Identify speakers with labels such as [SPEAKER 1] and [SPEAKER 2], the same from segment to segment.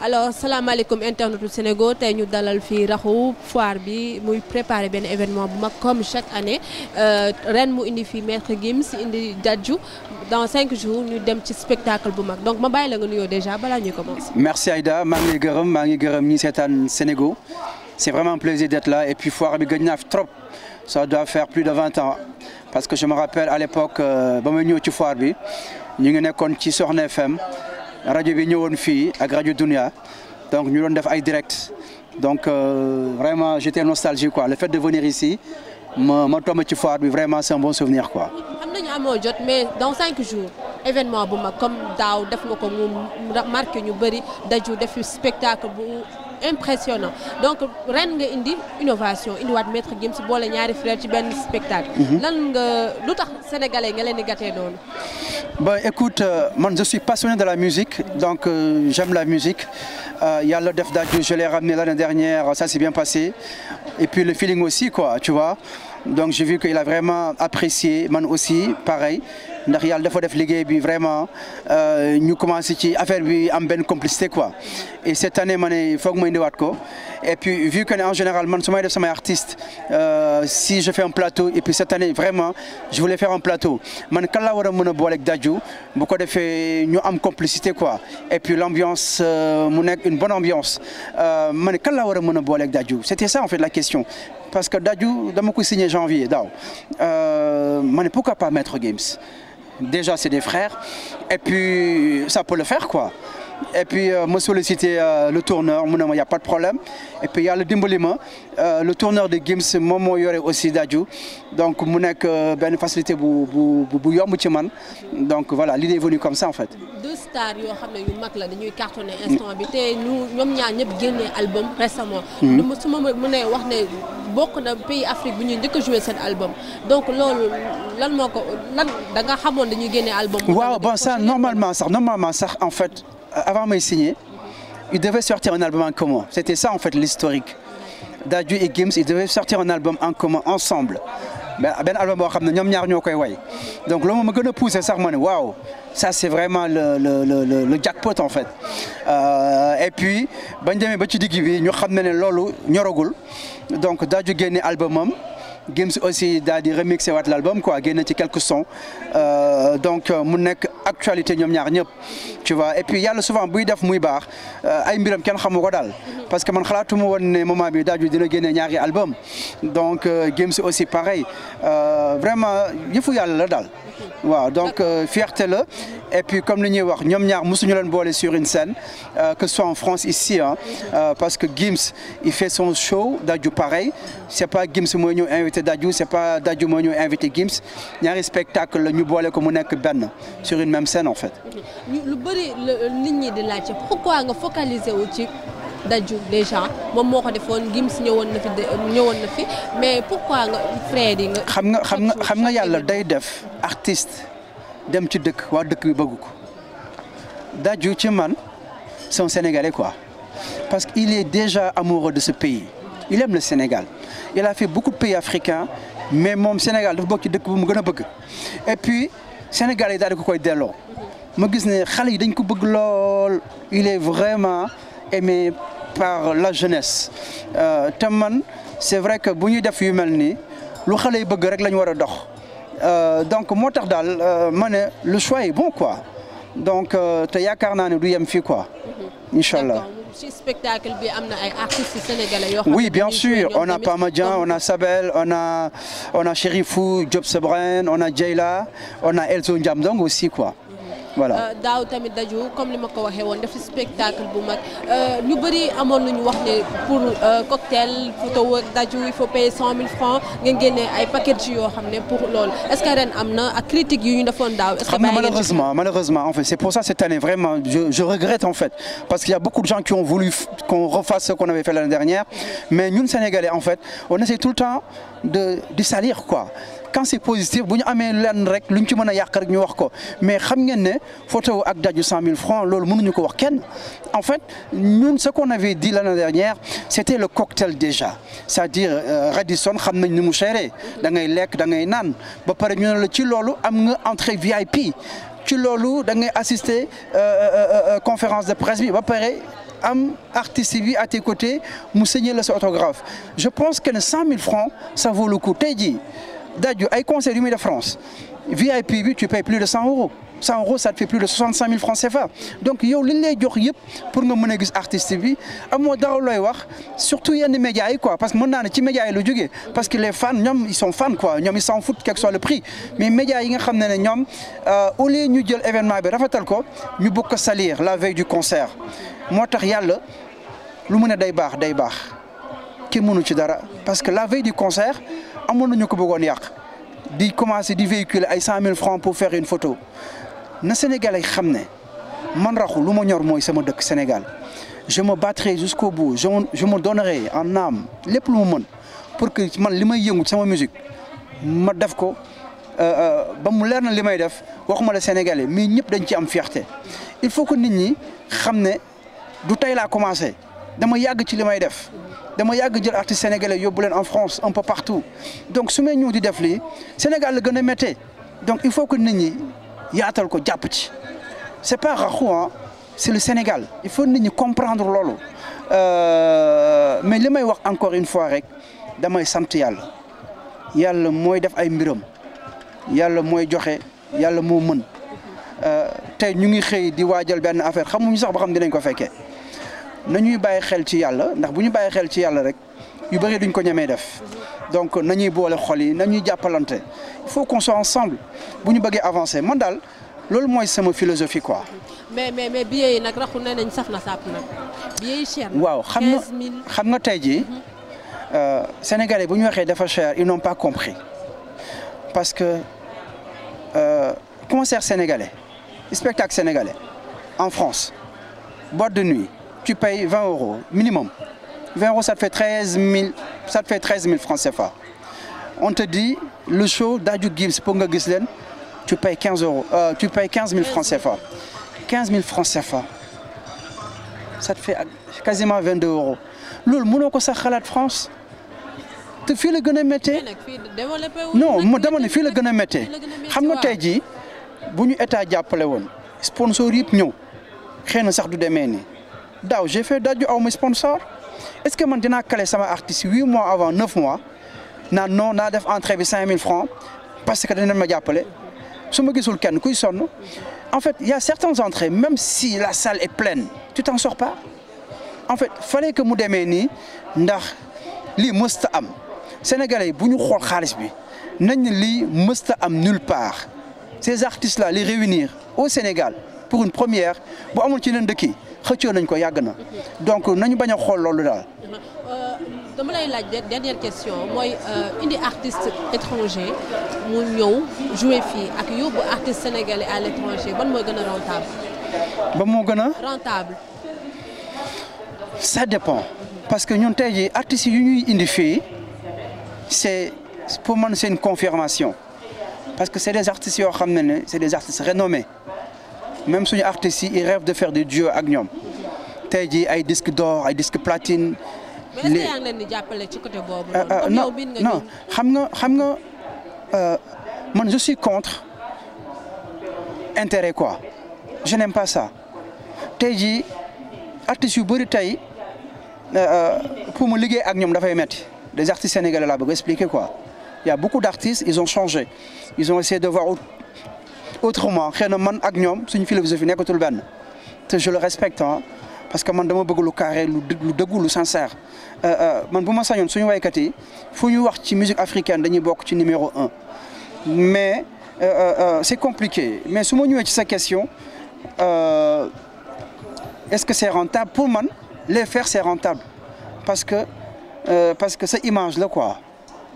[SPEAKER 1] alors salaamaaleykum internetu Sénégal tey ñu dalal fii raxu foire bi muy préparer benn événement bu mag comme chaque année euh, ren mu indi fii maître Gims indi Dadju dans cinq jours ñu dem ci spectacle bu mag donc ma bàyyi la nga nuyoo déjà balaa ñuy commencer.
[SPEAKER 2] merci Aïda maa ngi gërëm maa ngi gërëm ñi seetaan Sénégal. C'est vraiment un plaisir d'être là. Et puis foire bi gëj fi trop ça doit faire plus de ans parce que je me rappelle à l'époque euh, ba may ci foire bi ñu ngi nekkoon ci Soxna FM rajo bi ñëwoon fii ak rajo Dunia donc euh, j'étais nostalgique quoi le fait de venir ici ma ma ci foire bi vraiment c'est un bon souvenir quoi.
[SPEAKER 1] am nañu amoo jot mais dans cinq jours événement bu comme daaw def nga ko mu marqué def spectacle impressionnant donc ren nga indi innovation indiwaat Maître Gims si boole ñaari frère ci benn spectacle. Mhm. lan lu tax sénégalais nga leen di gàttee noonu.
[SPEAKER 2] bon écoute euh, man je suis passionné de la musique donc euh, j'aime la musique euh, yàlla def daal je l'ai ramené l'année dernière ça s'est bien passé et puis le feeling aussi quoi tu vois donc j'ai vu qu'il a vraiment apprécié man aussi pareil. ndax yàlla dafa def liggéey bi vraiment euh, ñu commencé ci affaire bi am benn complicité quoi et cette année ma ne foog ma indiwaat ko et puis vu général man su may def samay artiste euh, si je fais un plateau et puis cette année vraiment je voulais faire un plateau man kan laa war a mën a booleeg Dadju bu ko defee ñu am complicité quoi et puis l'ambiance euh, mu nekk une bonne ambiance ma ne kan laa war a mën a booleeg Dadju c'était ça en fait la question parce que Dadju dama ko signé janvier daaw ma ne pourquoi pas Maître Games Déjà, c'est des frères. Et puis, ça peut le faire, quoi. et puis euh, ma sollicité euh, le tourneur mu ne ma y' a pas de problème et puis yàlla dimbali ma euh, le tourneur de Gims moom moo yore aussi Dadju donc mu nekk benn facilité bu bu bu yomb ci man donc voilà li est venue comme ça en fait.
[SPEAKER 1] yoo xam ne yu mag la dañuy cartonné instant bi te ñu ñoom ñaar ñëpp génnee album récemment. nu mm-hmm. ma su ma mënee wax ne bokk na pays Afrique bu ñuy njëkk a joué seen album donc loolu lan moo ko lan da nga xamoon dañuy génnee album. waaw
[SPEAKER 2] bon ça normalement sax normalement sax en fait. avant de signer, il devait sortir un album en commun. C'était ça en fait l'historique. Dadju et Gims, ils devaient sortir un album en commun ensemble. Ben album boo xam ne ñoom ñaar ñoo koy way donc loolu moom ma gën a poussé sax ma ne waaw ça c'est vraiment le le le le jackpot en fait euh, et puis bañ demee ba ci digg bi ñu xam ne ne loolu ñoragul donc Dadju génne album am Gims aussi daal di remixé waat l'album quoi génne ci quelques sons euh, donc euh, mu nekk actualité ñoom ñaar ñëpp. tu vois et puis yàlla souvent buy def muy baax euh, ay mbiram kenn xamu ko daal parce que man xalaatuma woon ne moment bi daaju dina génne ñaari album donc euh, Games aussi pareil euh, vraiment yëfu yàlla la daal waaw donc fierté la et puis comme ni ñuy wax ñoom ñaar mosuñu leen boole sur une scène que ce soit en France ici parce que Gims il fait son show Dadju pareil c'est pas Gims mooy ñu invité Dadju c'est pas Dadju mooy ñu invité Gims ñaari spectacle la ñu boole ko mu nekk benn sur une même scène en fait.
[SPEAKER 1] bëri nit ñi di laajte pourquoi nga focaliser wu ci daju déjà moom moo ko defoon Gims ñëwoon na fi ñëwoon na fi mais pourquoi nga Freddy nga.
[SPEAKER 2] xam nga xam nga xam nga yàlla day def artiste dem ci dëkk waa dëkk bi bëgg ko daju ci man son sénégalais quoi parce que il est déjà amoureux de ce pays il aime le Sénégal il a fait beaucoup pays africains mais moom Sénégal dafa bokk ci dëkk bu mu gën a bëgg et puis sénégalais daal di koy delloo. ma gis ne xale yi dañ ko bëgg lool il est vraiment aimé par la jeunesse euh, te man c'est vrai que bu ñuy def yu mel nii lu xale yi bëgg rek la ñu war a dox euh, donc moo tax daal euh, ma ne le choix est bon quoi donc te yaakaar naa ne du yem fii quoi incha allah.
[SPEAKER 1] ci spectacle bi am na ay artistes sénégalais yoo xam oui bien
[SPEAKER 2] sûr on a Pamadian on a Sabel on a on a Chérifou Diop Sebren on a Dieyla on a Elzo Ndiamdong aussi quoi. voilà euh,
[SPEAKER 1] daaw tamit daju comme li ma ko waxee woon dafa spectacle bu mag euh, ñu bëri amoon nañu wax ne pour euh, cocktail photo ak daju il faut payer cent mille francs ngeen génnee ay package yoo xam ne pour loolu est-ce que ren am na ak critique yu ñu defoon daaw.
[SPEAKER 2] est-ce que ah, malheureusement je regrette en fait parce qu'il y a beaucoup de gens qui ont voulu qu'on refasse ce qu'on avait fait l'année dernière mais ñun Sénégalais en fait on essaie tout le temps de de salir quoi. quand c'est positif bu ñu amee lenn rek luñ ci mën a yàq rek ñu wax ko mais xam ngeen ne photo ak daju cent mille francs loolu mënuñu ko wax kenn en fait ñun ce qu'on avait dit l'année dernière c'était le cocktail déjà c'est-à-dire euh, Radisson xam nañ ni mu chéré da ngay lekk da ngay naan ba pare ñu ne la ci loolu am nga entrée VIP ci loolu da ngay assister euh, euh, conférence de presse bi ba pare am artiste bi à tes côtés mu signer sa autographe je pense que ne cent mille francs ça vaut le coup tey jii Daju ay concert yu muy def France VIP bi tu payes plus de 100 euros 100 euros ça te fait plus de 65 000 francs CFA donc yow li ñu lay jox yëpp pour nga mën a gis artiste bi dara looy wax surtout yenn médias yi quoi parce que mën naa ci médias yi la jógee parce que les fans ñoom ils sont fans quoi ñoom ils s'en foutent soit le prix mais médias yi nga xam ne ne ñoom euh, au ñu jël événement bi rafetal ko ñu bëgg ko salir la veille du concert moo tax yàlla lu mu ne day baax day baax kenn ci dara amoon nañu ko bëggoon yàq di commencer di véhiculer ay cent mille francs pour faire une photo na Sénégalais xam ne man raxu lu ma ñor mooy sama dëkk Sénégal je me battrai jusqu'au bout je me je me donnerai en naam lépp lu mu mën pour que man li may yëngu sama musique ma def ko euh, euh, ba mu leer na li may def waxuma la Sénégalais mais ñëpp dañ ci am fierté il faut que nit ñi xam ne du tey laa commencé. dama yàgg ci li may def dama yàgg jël artistes sénégalais yóbbu leen en France un peu partout donc su may ñëw di def lii Sénégal gën a méttee donc il faut que nit ñi yaatal ko jàpp ci c'est pas Rakhou c'est le Sénégal il faut nit ñi comprendre loolu euh, mais li may wax encore une fois rek damay sant yàlla yàlla mooy def ay mbiram yàlla mooy joxe yàlla moo mën euh, te ñu ngi xëy di waajal benn affaire xamuñu sax ba xam dinañ ko fekkee. nañuy bàyyi xel ci yàlla ndax bu ñu bàyyi xel ci yàlla rek yu bëri duñ ko ñemee def donc nañuy boole xol yi nañuy jàppalante il faut qu'on ensemble bu ñu bëggee avancer man daal loolu mooy sama philosophie quoi.
[SPEAKER 1] mais mais mais billets yi nag raxu ne nañ saf na sàpp nag billets yi cher waaw xam nga
[SPEAKER 2] xam nga tey jii mhm. euh, sénégalais bu ñu waxee dafa cher ils n'ont pas compris parce que euh, concert sénégalais spectacle sénégalais en France boîte de nuit. tu payes 20 euros minimum. 20 euros, ça te fait 13 000, ça te fait 13 000 francs On te dit, le show d'Adju Gibbs, Ponga Gislen, tu payes 15 euros, euh, tu payes 15 000 francs CFA. 15 000 francs CFA. Ça te fait quasiment 22 euros. loolu mënoo ko sax xalaat France te fii la gën a méttee non mu dama ne fii la gën a méttee xam nga tey jii bu ñu état jàppale woon sponsor yëpp ñëw xëy na sax du demee nii. daaw j'ai fait daju aw ma sponsor est-ce que man dinaa kale sama artiste huit mois avant neuf mois naan noon naa def entrée bi cinq mille francs parce que danañ ma jàppale su ma gisul kenn kuy sonn en fait il y a certaines même si la salle est pleine tu t'en sors pas en fait fallait que mu demee nii ndax lii mësta am sénégalais bu ñu xool xaalis bi nañ ne lii mësta am nulle part ces artistes la les réunir au Sénégal pour une première bu amul ci leen dëkk xëccoo nañ ko yàgg na donc nañu bañ a xool loolu daal.
[SPEAKER 1] Euh, dama lay laaj dernière question mooy euh, indi artiste étranger mu ñëw jouer fii ak yóbbu artiste sénégalais à l'étranger ban moo gën a rentable. ba moo gën a. rentable.
[SPEAKER 2] ça dépend parce que ñun tey jii artistes yu ñuy indi fii c'est pour man c'est une confirmation parce que c'est des artistes yoo xam ne ne c'est des artistes renommés même suñu artistes yi ils rêvent de faire des duos ak ñoom. te jii ay disque d'or ay disque platine. li yaa
[SPEAKER 1] ngi jàppale ci côté boobu. Euh, euh, non non
[SPEAKER 2] xam nga xam nga euh, man je suis contre intérêt quoi je n'aime pas ça tey jii artistes yu bari tey pour mu liggéey ak ñoom dafay metti des artistes sénégalais laa bëgg expliquer quoi il y a beaucoup d'artistes ils ont changé ils ont essayé de voir autrement xëy na man ak ñoom suñu philosophie nekkatul benn te je le respecte ah. parce que man dama bëgg lu carré lu lu dëggu lu sincère euh, euh, man bu ma sañoon suñu waykat yi fu ñu wax ci musique africaine dañuy bokk ci numéro un mais euh, c'est compliqué mais su ma ñëwee ci sa question est-ce que c'est rentable pour man les faire c'est rentable parce que parce que sa image la quoi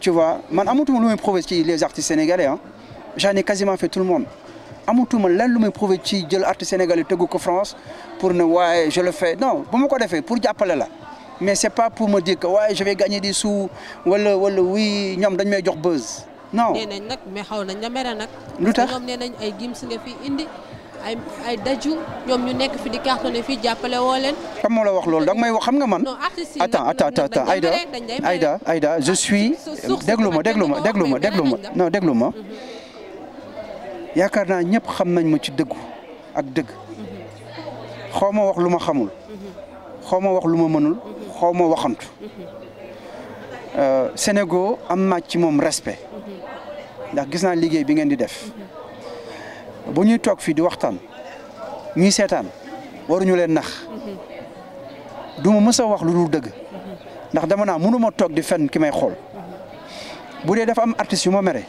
[SPEAKER 2] tu vois man amatuma lu muy prouver ci les artistes sénégalais ah j'en ai quasiment fait tout le monde amatuma lenn lu may prouvé ci jël artiste sénégalais tëggu ko France pour ne waaye je le fais non bu ma ko defee pour jàppale la mais c'est pas pour ma dire que waaye je vais gagner des sous wala wala oui ñoom dañ may jox buzz. no nee nañ
[SPEAKER 1] nag mais xaw nañ la mere nag. lu tax ñoom nee nañ ay gims nga fi indi ay ay daju ñoom ñu nekk fi di cartonné fii jàppale woo leen.
[SPEAKER 2] kam moo la wax loolu danga may wax xam nga man. non artiste yi attends attends attends Aïda Aïda Aïda je suis. déglu ma déglu ma déglu ma déglu ma non déglu ma. yaakaar naa ñëpp xam nañ ma ci dëggu ak dëgg xaw ma wax lu ma xamul xaw ma wax lu ma mënul xaw ma waxantu euh, Sénégal am naa ci moom respect ndax gis naa liggéey bi ngeen di def bu ñuy toog fii di waxtaan ñuy seetaan waruñu leen nax duma mësa wax lu dul dëgg ndax dama naa mënuma toog di fenn ki may xool bu dee dafa am artiste yu ma mere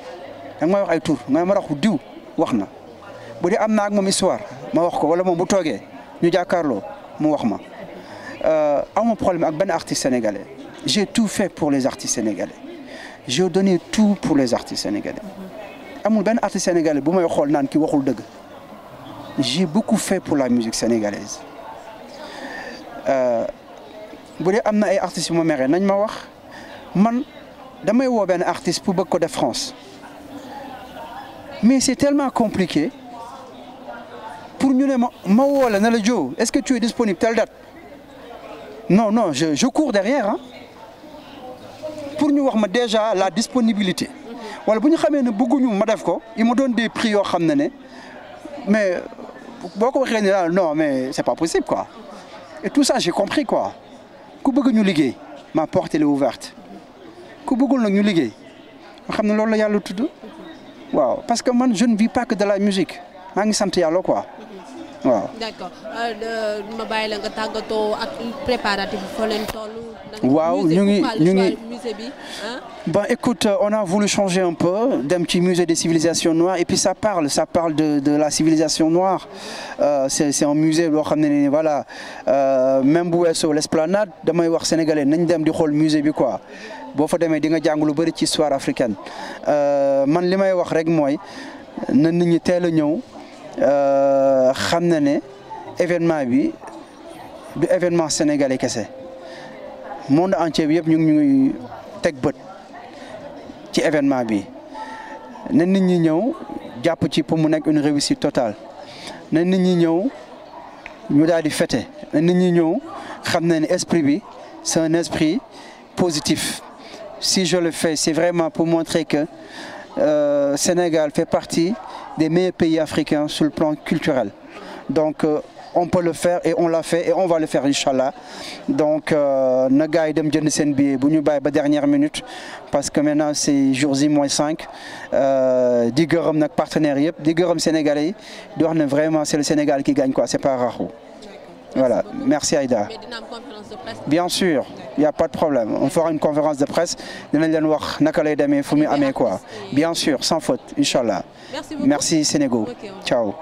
[SPEAKER 2] danga may wax ay tur nga ma raxu diw wax na bu dee am na ak moom histoire ma wax ko wala moom bu toogee ñu jàkkaarloo mu wax ma euh, amuma problème ak benn artiste sénégalais j'ai tout fait pour les artistes sénégalais j'ai donné tout pour les artistes sénégalais amul benn artiste sénégalais bu may xool naan ki waxul dëgg j'ai beaucoup fait pour la musique sénégalaise euh, bu dee am na ay artistes yu ma nañ ma wax man damay woo benn artiste pour bëgg ko def France mais c'est tellement compliqué pour ñu ne ma ma woo la ne la Joe est-ce que tu es disponible telle date non non je je cours derrière ah pour ñu wax ma déjà la disponibilité wala bu ñu xamee ne bëgguñu ma def ko il me donne des prix yoo xam ne ne mais boo ko waxee ne la non mais c'est pas possible quoi et tout ça j'ai compris quoi ku bëgg ñu liggéey ma porte elle est ouverte ku bëggul nag ñu liggéey nga xam ne loolu la yàlla tudd. waaw parce que man je ne vis pas que de la musique maa ngi sant yàlla quoi waaw.
[SPEAKER 1] d'accord euh, euh, ma bàyyi la nga tàggatoo ak préparatif foo leen toll.
[SPEAKER 2] waaw ñu ngi ñu ngi musée bi Bon, écoute, euh, on a voulu changer un peu d'un petit musée des civilisations noires. Et puis ça parle, de, de la civilisation noire. Euh, c'est un musée, voilà. Euh, même sur l'esplanade, je damay wax Sénégalais, nous dem di xol musée bi quoi. boo fa demee di nga jang lu bari ci histoire africaine. Euh man may wax rek mooy na nit ñi téla ñew euh xam na né événement bi du événement sénégalais kese Monde entier bi yëpp ñu ngi ñuy teg bët ci événement bi na nit ñi ñëw jàpp ci pour mu nekk une réussite totale na nit ñi ñëw ñu daal di fête na nit ñi ñëw xam na ne esprit bi c'est un esprit positif si je le fais c'est vraiment pour montrer que euh, Sénégal fait partie des meilleurs pays africains sur le plan culturel donc euh, on peut le faire et on l'a fait et on va le faire incha allah donc euh, na gars yi dem jënd seen billet bu ñu bàyyi ba dernière minute parce que maintenant c'est jour J moins cinq euh, di gërëm nag partenaires yëpp di gërëm sénégalais yi di wax ne vraiment c'est le Sénégal qui gagne quoi c'est pas Rakhou Voilà, merci Aïda. Mais dina am conférence de presse. Bien sûr, il y a pas de problème. On fera une conférence de presse. Dinañ leen wax naka lay demee fu muy amee quoi. Bien sûr, sans faute, Inch'Allah. Merci beaucoup. Merci Sénégal. Okay, Ciao.